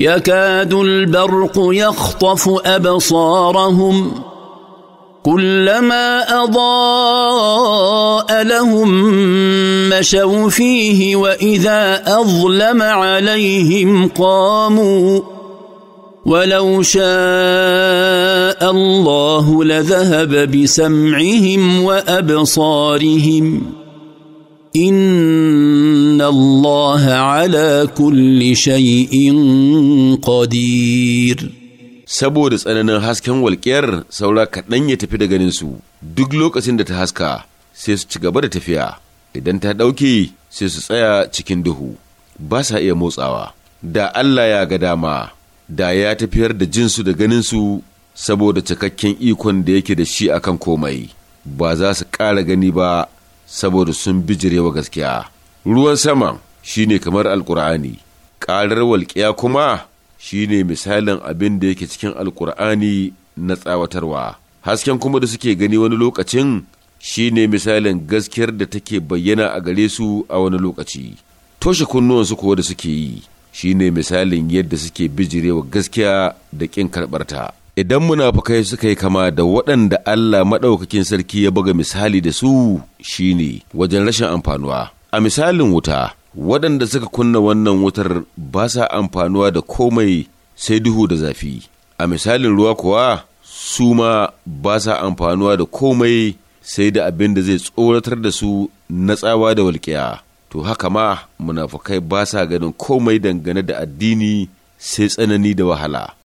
يكاد البرق يخطف ابصارهم كلما اضاء لهم مشوا فيه واذا اظلم عليهم قاموا ولو شاء الله لذهب بسمعهم وابصارهم ان الله على كل شيء قدير saboda tsananin hasken walƙiyar saura kaɗan ya tafi da ganinsu duk lokacin da ta haska sai su ci gaba da tafiya idan ta ɗauke sai su tsaya cikin duhu ba sa iya motsawa da Allah ya ga dama da ya tafiyar da jinsu da ganinsu saboda cikakken ikon da yake da shi akan komai ba za su ƙara gani ba saboda sun bijirewa gaskiya. ruwan sama shine kamar alkur'ani ƙarar walƙiya kuma shine misalin abin da yake cikin alkur'ani na tsawatarwa hasken kuma da suke gani wani lokacin shine misalin gaskiyar da take bayyana a gare su a wani lokaci toshe kunnuwan su kuwa da suke yi shine misalin yadda suke bijirewa gaskiya da ƙin karɓarta idan munafukai suka yi kama da waɗanda Allah maɗaukakin sarki ya buga misali da su shine wajen rashin amfanuwa a misalin wuta waɗanda suka kunna wannan wutar ba sa amfanuwa da komai sai duhu da zafi a misalin ruwa kuwa su ma ba sa amfanuwa da komai sai da abin da zai tsoratar da su na tsawa da walƙiya to haka ma munafukai ba sa ganin komai dangane da addini sai tsanani da wahala